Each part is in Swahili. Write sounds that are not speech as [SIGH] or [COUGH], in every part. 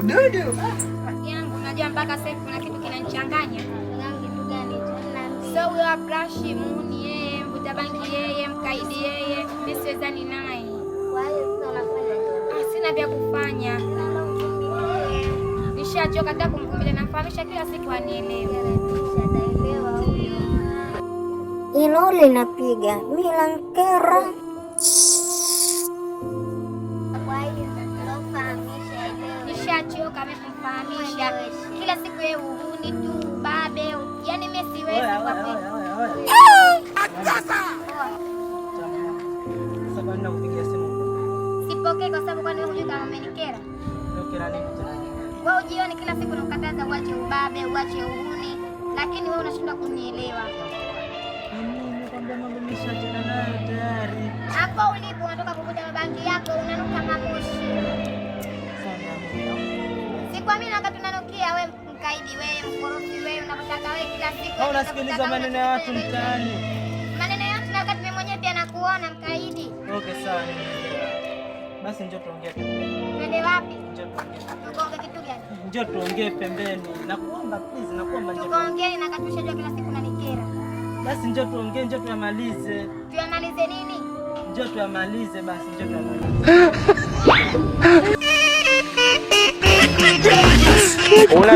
Ududu yangu, unajua mpaka sasa kuna kitu kinanichanganya. So huyo Abrashi muni yeye, mvuta bangi yeye, mkaidi yeye, nisiwezani naye, sina vya kufanya, nishachoka hata kumvumilia. Namfahamisha kila siku anielewe. Ilole inapiga mila nkera maisha kila siku yeye uhuni tu babe, yani mimi siwezi kwa kweli. Sipokee kwa sababu kwani hujui kama umenikera wewe. Ujioni kila siku nakukataza uache ubabe, uache uhuni, lakini wewe unashindwa kunielewa. Hapo ulipo unatoka kukuta mabangi yako unanuka mamoshi. Sikwamini mkaidi wewe, mkorofi wewe, unakutaka wewe kila siku. Au Unasikiliza maneno ya watu mtaani, maneno ya watu, na wakati mimi mwenyewe pia nakuona mkaidi. Okay, sawa. Basi njoo tuongee. Twende wapi? Tukaongee kitu gani? Njoo tuongee pembeni. Nakuomba please, nakuomba njoo. Tuongee na katusha jua kila siku nanikera. Basi njoo tuongee, njoo tuamalize. Tuamalize nini? Njoo tuamalize basi, njoo tuamalize. Ah!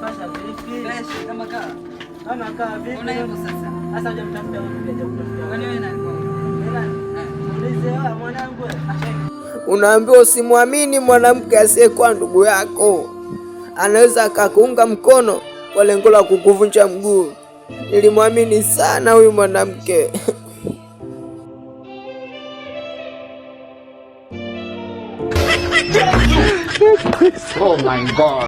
Pesa vipi? kama kaa. Kama kaa vipi? Una hivyo sasa. Sasa wewe kutafuta. Kwani wewe nani Unaambiwa usimwamini mwanamke asiyekuwa ndugu yako, anaweza akakuunga mkono kwa lengo la kukuvunja mguu. Nilimwamini sana huyu mwanamke. [LAUGHS] Oh my God.